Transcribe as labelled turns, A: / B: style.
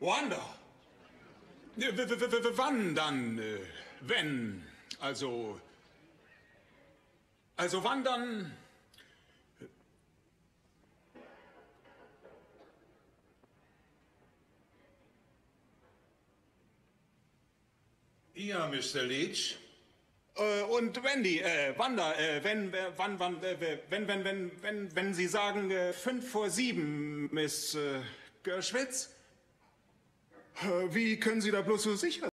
A: Wanda. Wann dann? Äh, wenn? Also. Also wann dann?
B: Ja, Mr. Leach. Äh, und Wendy, äh, Wanda, äh, wenn, wann, wann, wenn, wenn, wenn, wenn, wenn Sie sagen, äh, fünf vor sieben, Miss äh, Gerschwitz?
C: Wie können Sie da bloß so sicher